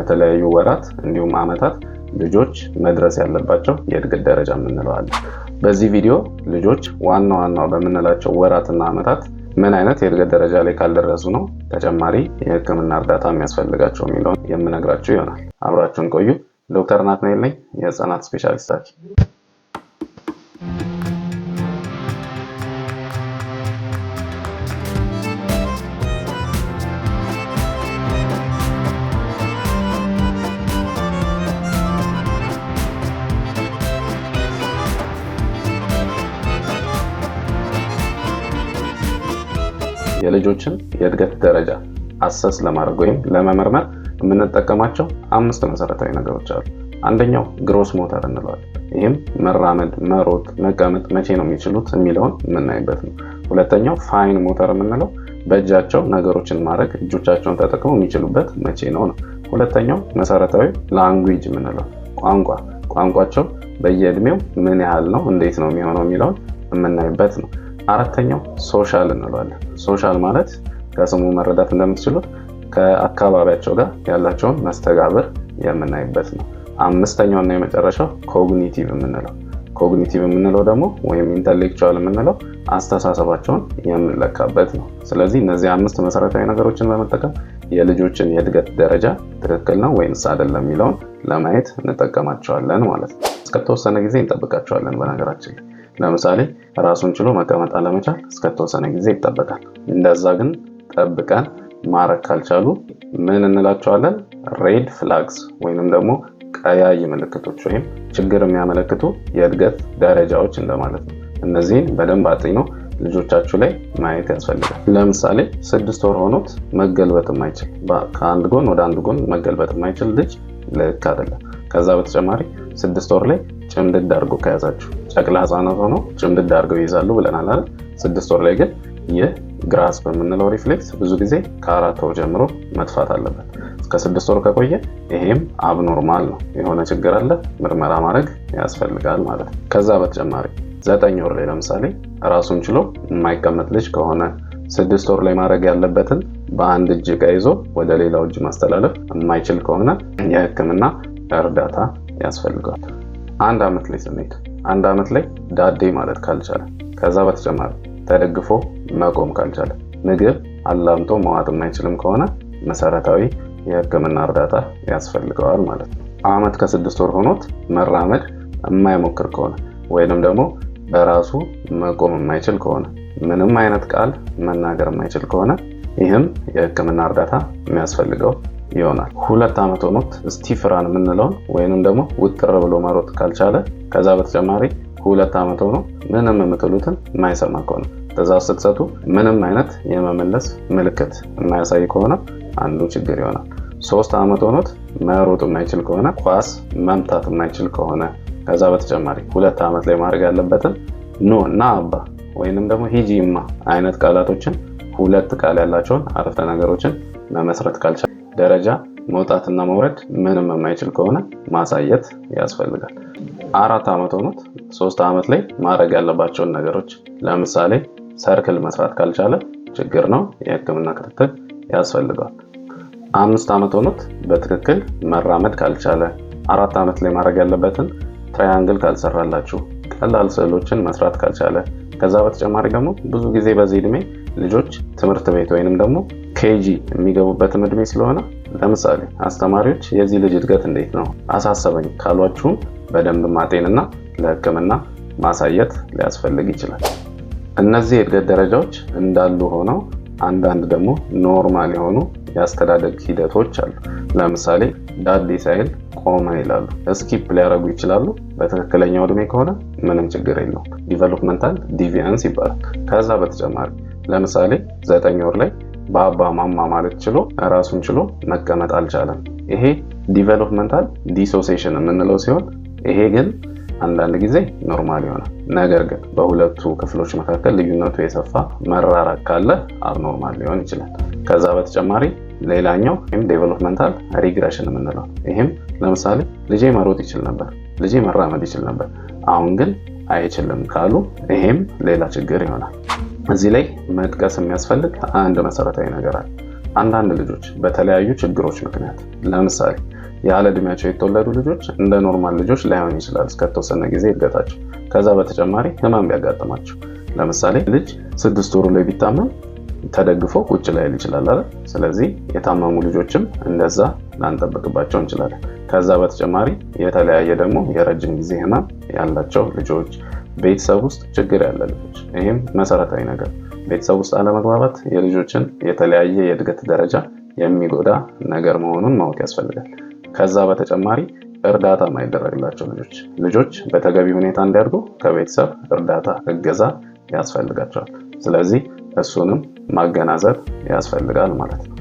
በተለያዩ ወራት እንዲሁም ዓመታት ልጆች መድረስ ያለባቸው የእድገት ደረጃ የምንለዋለን። በዚህ ቪዲዮ ልጆች ዋና ዋና በምንላቸው ወራትና ዓመታት ምን አይነት የእድገት ደረጃ ላይ ካልደረሱ ነው ተጨማሪ የሕክምና እርዳታ የሚያስፈልጋቸው የሚለውን የምነግራችሁ ይሆናል። አብራችሁን ቆዩ። ዶክተር ናትናኤል ነኝ፣ የህፃናት ስፔሻሊስታችን የልጆችን የእድገት ደረጃ አሰስ ለማድረግ ወይም ለመመርመር የምንጠቀማቸው አምስት መሰረታዊ ነገሮች አሉ። አንደኛው ግሮስ ሞተር እንለዋል። ይህም መራመድ፣ መሮጥ፣ መቀመጥ መቼ ነው የሚችሉት የሚለውን የምናይበት ነው። ሁለተኛው ፋይን ሞተር የምንለው በእጃቸው ነገሮችን ማድረግ እጆቻቸውን ተጠቅመው የሚችሉበት መቼ ነው ነው። ሁለተኛው መሰረታዊ ላንጉጅ የምንለው ቋንቋ ቋንቋቸው በየእድሜው ምን ያህል ነው እንዴት ነው የሚሆነው የሚለውን የምናይበት ነው። አራተኛው ሶሻል እንለዋለን። ሶሻል ማለት ከስሙ መረዳት እንደምትችሉት ከአካባቢያቸው ጋር ያላቸውን መስተጋብር የምናይበት ነው። አምስተኛው እና የመጨረሻው ኮግኒቲቭ የምንለው ኮግኒቲቭ የምንለው ደግሞ ወይም ኢንተሌክቹዋል የምንለው አስተሳሰባቸውን የምንለካበት ነው። ስለዚህ እነዚህ አምስት መሰረታዊ ነገሮችን በመጠቀም የልጆችን የእድገት ደረጃ ትክክል ነው ወይምስ አይደለም የሚለውን ለማየት እንጠቀማቸዋለን ማለት ነው። እስከተወሰነ ጊዜ እንጠብቃቸዋለን በነገራችን ለምሳሌ ራሱን ችሎ መቀመጥ አለመቻል እስከተወሰነ ጊዜ ይጠበቃል። እንደዛ ግን ጠብቀን ማረግ ካልቻሉ ምን እንላቸዋለን? ሬድ ፍላግስ ወይንም ደግሞ ቀያይ ምልክቶች ወይም ችግር የሚያመለክቱ የእድገት ደረጃዎች እንደማለት ነው። እነዚህን በደንብ አጢኖ ልጆቻችሁ ላይ ማየት ያስፈልጋል። ለምሳሌ ስድስት ወር ሆኖት መገልበጥ የማይችል ከአንድ ጎን ወደ አንድ ጎን መገልበጥ የማይችል ልጅ ልክ አይደለም። ከዛ በተጨማሪ ስድስት ወር ላይ ጭምድድ አድርጎ ከያዛችሁ ጨቅላ ህፃናት ሆነው ጭምድድ አድርገው ይይዛሉ ብለናል አይደል? ስድስት ወር ላይ ግን ይህ ግራስ በምንለው ሪፍሌክስ ብዙ ጊዜ ከአራት ወር ጀምሮ መጥፋት አለበት። እስከ ስድስት ወር ከቆየ ይሄም አብኖርማል ነው፣ የሆነ ችግር አለ፣ ምርመራ ማድረግ ያስፈልጋል ማለት ነው። ከዛ በተጨማሪ ዘጠኝ ወር ላይ ለምሳሌ ራሱን ችሎ የማይቀመጥ ልጅ ከሆነ ስድስት ወር ላይ ማድረግ ያለበትን በአንድ እጅ ዕቃ ይዞ ወደ ሌላው እጅ ማስተላለፍ የማይችል ከሆነ የህክምና እርዳታ ያስፈልገዋል። አንድ አመት ላይ ስሜት አንድ ዓመት ላይ ዳዴ ማለት ካልቻለ ከዛ በተጨማሪ ተደግፎ መቆም ካልቻለ ምግብ አላምጦ መዋጥ የማይችልም ከሆነ መሰረታዊ የህክምና እርዳታ ያስፈልገዋል ማለት ነው። ዓመት ከስድስት ወር ሆኖት መራመድ የማይሞክር ከሆነ ወይንም ደግሞ በራሱ መቆም የማይችል ከሆነ ምንም አይነት ቃል መናገር የማይችል ከሆነ ይህም የህክምና እርዳታ የሚያስፈልገው ይሆናል። ሁለት ዓመት ሆኖት ስቲፍ ራን የምንለውን ወይንም ደግሞ ውጥር ብሎ መሮጥ ካልቻለ ከዛ በተጨማሪ ሁለት ዓመት ሆኖ ምንም የምትሉትን የማይሰማ ከሆነ ትእዛዝ ስትሰጡ ምንም አይነት የመመለስ ምልክት የማያሳይ ከሆነ አንዱ ችግር ይሆናል። ሶስት ዓመት ሆኖት መሮጥ የማይችል ከሆነ ኳስ መምታት የማይችል ከሆነ ከዛ በተጨማሪ ሁለት ዓመት ላይ ማድረግ ያለበትን ኖ እና አባ ወይንም ደግሞ ሂጂማ አይነት ቃላቶችን ሁለት ቃል ያላቸውን አረፍተ ነገሮችን መመስረት ካልቻል ደረጃ መውጣትና መውረድ ምንም የማይችል ከሆነ ማሳየት ያስፈልጋል። አራት ዓመት ሆኖት ሶስት ዓመት ላይ ማድረግ ያለባቸውን ነገሮች ለምሳሌ ሰርክል መስራት ካልቻለ ችግር ነው፣ የህክምና ክትትል ያስፈልገዋል። አምስት ዓመት ሆኖት በትክክል መራመድ ካልቻለ አራት ዓመት ላይ ማድረግ ያለበትን ትራያንግል ካልሰራላችሁ፣ ቀላል ስዕሎችን መስራት ካልቻለ ከዛ በተጨማሪ ደግሞ ብዙ ጊዜ በዚህ እድሜ ልጆች ትምህርት ቤት ወይንም ደግሞ ኬጂ የሚገቡበትም እድሜ ስለሆነ ለምሳሌ አስተማሪዎች የዚህ ልጅ እድገት እንዴት ነው አሳሰበኝ ካሏችሁም በደንብ ማጤንና ለህክምና ማሳየት ሊያስፈልግ ይችላል። እነዚህ የእድገት ደረጃዎች እንዳሉ ሆነው አንዳንድ ደግሞ ኖርማል የሆኑ የአስተዳደግ ሂደቶች አሉ። ለምሳሌ ዳዲ ሳይል ቆመ ይላሉ። ስኪፕ ሊያደረጉ ይችላሉ። በትክክለኛው እድሜ ከሆነ ምንም ችግር የለውም። ዲቨሎፕመንታል ዲቪንስ ይባላል። ከዛ በተጨማሪ ለምሳሌ ዘጠኝ ወር ላይ በአባ ማማ ማለት ችሎ ራሱን ችሎ መቀመጥ አልቻለም። ይሄ ዲቨሎፕመንታል ዲሶሴሽን የምንለው ሲሆን ይሄ ግን አንዳንድ ጊዜ ኖርማል ይሆናል። ነገር ግን በሁለቱ ክፍሎች መካከል ልዩነቱ የሰፋ መራራቅ ካለ አብኖርማል ሊሆን ይችላል። ከዛ በተጨማሪ ሌላኛው ወይም ዴቨሎፕመንታል ሪግሬሽን የምንለው ይህም ለምሳሌ ልጄ መሮጥ ይችል ነበር፣ ልጄ መራመድ ይችል ነበር፣ አሁን ግን አይችልም ካሉ ይሄም ሌላ ችግር ይሆናል። እዚህ ላይ መጥቀስ የሚያስፈልግ አንድ መሰረታዊ ነገር አለ። አንዳንድ ልጆች በተለያዩ ችግሮች ምክንያት ለምሳሌ ያለ እድሜያቸው የተወለዱ ልጆች እንደ ኖርማል ልጆች ላይሆን ይችላል እስከተወሰነ ጊዜ እድገታቸው። ከዛ በተጨማሪ ህመም ቢያጋጥማቸው ለምሳሌ ልጅ ስድስት ወሩ ላይ ቢታመም ተደግፎ ቁጭ ላይል ይችላል አለ። ስለዚህ የታመሙ ልጆችም እንደዛ ላንጠብቅባቸው እንችላለን። ከዛ በተጨማሪ የተለያየ ደግሞ የረጅም ጊዜ ህመም ያላቸው ልጆች ቤተሰብ ውስጥ ችግር ያለ ልጆች፣ ይህም መሰረታዊ ነገር ቤተሰብ ውስጥ አለመግባባት የልጆችን የተለያየ የእድገት ደረጃ የሚጎዳ ነገር መሆኑን ማወቅ ያስፈልጋል። ከዛ በተጨማሪ እርዳታ ማይደረግላቸው ልጆች ልጆች በተገቢ ሁኔታ እንዲያድጉ ከቤተሰብ እርዳታ እገዛ ያስፈልጋቸዋል። ስለዚህ እሱንም ማገናዘብ ያስፈልጋል ማለት ነው።